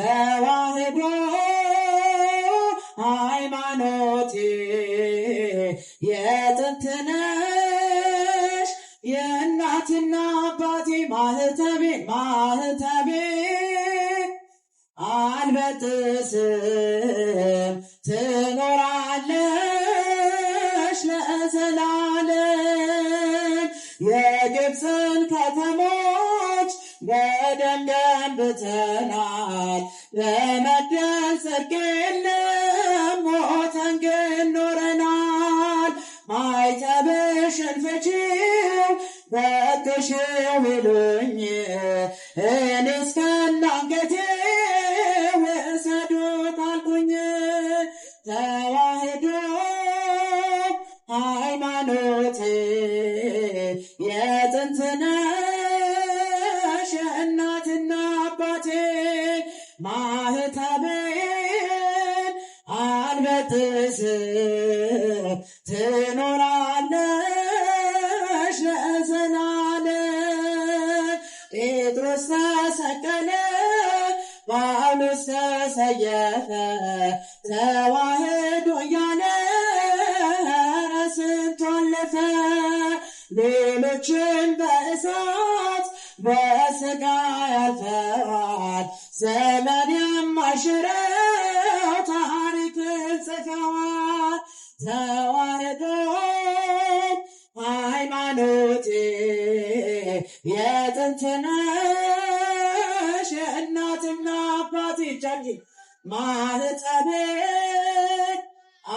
ተዋህዶ ሃይማኖቴ የጥንት ነሽ የእናትና አባቴ ማህተቤ ማህተቤ አልበጥስም ትኖራለሽ ለዘላለም የግብፅን ከተማ በደንደን ብተናል በመደን ጽድቅ የለም ሞተን ግን ኖረናል። ማይተብሽን ፍቺው በግሽው ይሉኝ እኔ እስከናንገቴ ወሰዱት አልኩኝ ተዋህዶ ሃይማኖቴ በምህረት ስር ትኖራለሽ ለዘላለም። ጴጥሮስ ተሰቀለ፣ ጳውሎስ ተሰየፈ፣ ተዋህዶ እያለ ስንቱን ለፈ። ሌሎችን በእሳት በስጋ ያልፈዋል ዘመን የማይሽረው ዘዋረደን ሃይማኖቴ የጥንትነሽ የእናትና አባቴ ጃጊ ማህፀቤ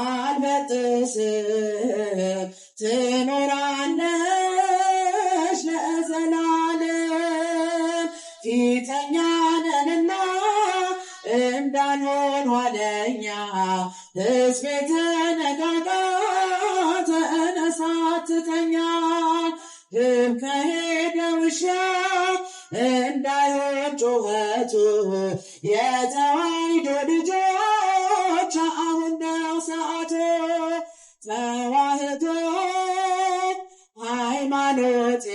አልበጥስም ትኖራለሽ ለዘላለም ፊተኛነንና እንዳንሆን ህዝቤት ትተኛል ህም ከሄደ ውሻ እንዳይሆን ጩኸቱ የተዋሕዶ ልጆች አሁን ነው ሰዓቱ ተዋሕዶ ሃይማኖቴ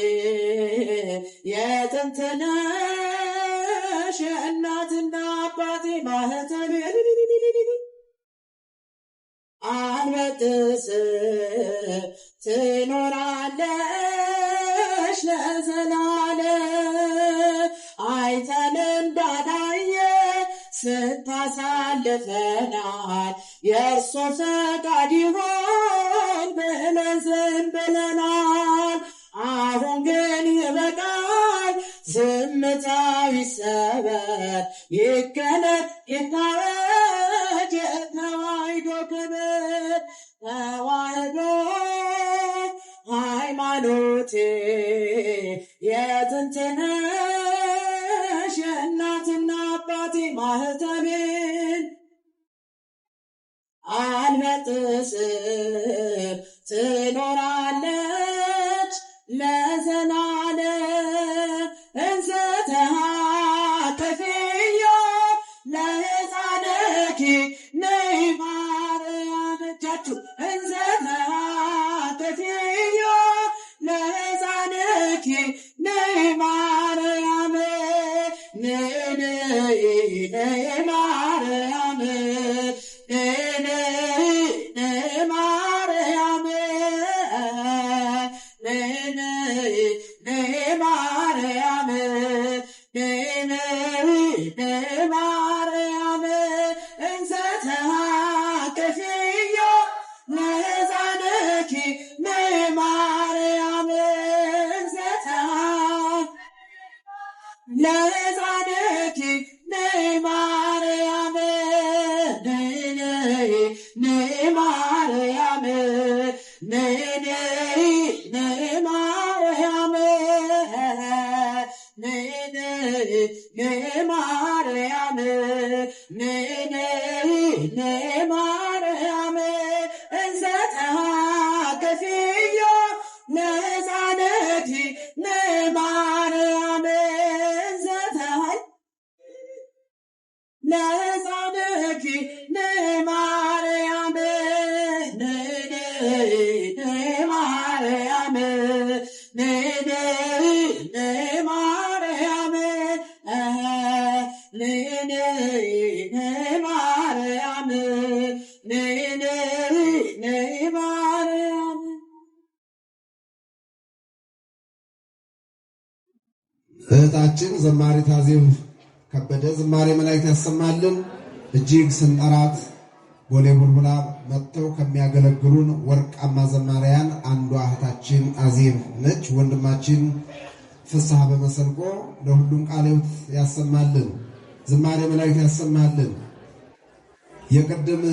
የጥንት ነሽ የእናትና አባቴ ማህተቤ አንበጥስ ትኖራለሽ ለዘላለም አይተን እንዳላየ ስታሳልፈናል የእርሶ ፈቃድ ይሆን ብለን ዝም ብለናል። አሁን ግን ይበቃል። ዝምታዊ ሰበር ይከነት ይታወቅ ህይወቴ የጥንትነሽ የእናትና አባቴ ማህተቤን አልበጥስም Mare, ለሕፃንኪ ነይ ማርያም ነይ ነይ ነይ ማርያም ነይ ne zanöki ne mare ame ne ne ne mare ame eh, ne ne ne mare ame ne ne ne mare ame ne ne ne mare ame እህታችን ዘማሪት አዜብ ከበደ ዝማሬ መላእክት ያሰማልን። እጅግ ስንጠራት ቦሌ ቡልቡላ መጥተው ከሚያገለግሉን ወርቃማ ዘማሪያን አንዷ እህታችን አዜብ ነች። ወንድማችን ፍስሐ በመሰንቆ ለሁሉም ቃሌዎት ያሰማልን። ዝማሬ መላእክት ያሰማልን። የቅድም